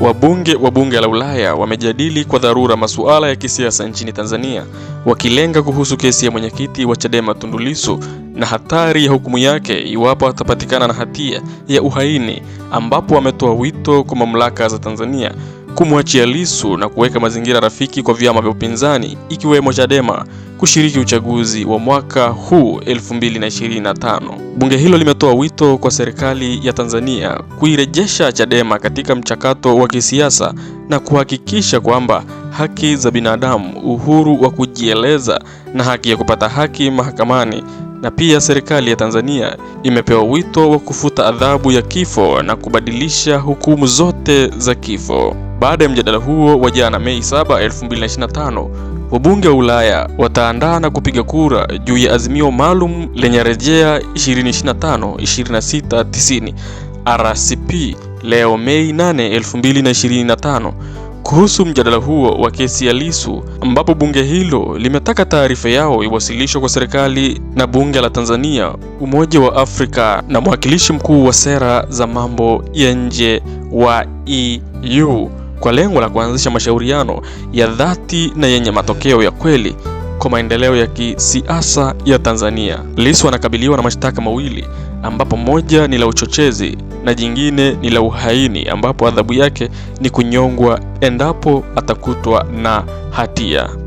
Wabunge wa bunge la Ulaya wamejadili kwa dharura masuala ya kisiasa nchini Tanzania, wakilenga kuhusu kesi ya mwenyekiti wa Chadema Tundu Lissu na hatari ya hukumu yake iwapo atapatikana na hatia ya uhaini, ambapo wametoa wito kwa mamlaka za Tanzania kumwachia Lissu na kuweka mazingira rafiki kwa vyama vya upinzani ikiwemo Chadema kushiriki uchaguzi wa mwaka huu 2025. Bunge hilo limetoa wito kwa serikali ya Tanzania kuirejesha Chadema katika mchakato wa kisiasa na kuhakikisha kwamba haki za binadamu, uhuru wa kujieleza na haki ya kupata haki mahakamani na pia serikali ya Tanzania imepewa wito wa kufuta adhabu ya kifo na kubadilisha hukumu zote za kifo. Baada ya mjadala huo wa jana Mei 7, 2025, wabunge wa Ulaya wataandaa na kupiga kura juu ya azimio maalum lenye rejea 2025-2690 RCP leo Mei 8, 2025 kuhusu mjadala huo wa kesi ya Lissu ambapo bunge hilo limetaka taarifa yao iwasilishwe kwa serikali na bunge la Tanzania, Umoja wa Afrika na mwakilishi mkuu wa sera za mambo ya nje wa EU kwa lengo la kuanzisha mashauriano ya dhati na yenye matokeo ya kweli kwa maendeleo ya kisiasa ya Tanzania. Lissu anakabiliwa na mashtaka mawili ambapo moja ni la uchochezi na jingine ni la uhaini ambapo adhabu yake ni kunyongwa endapo atakutwa na hatia.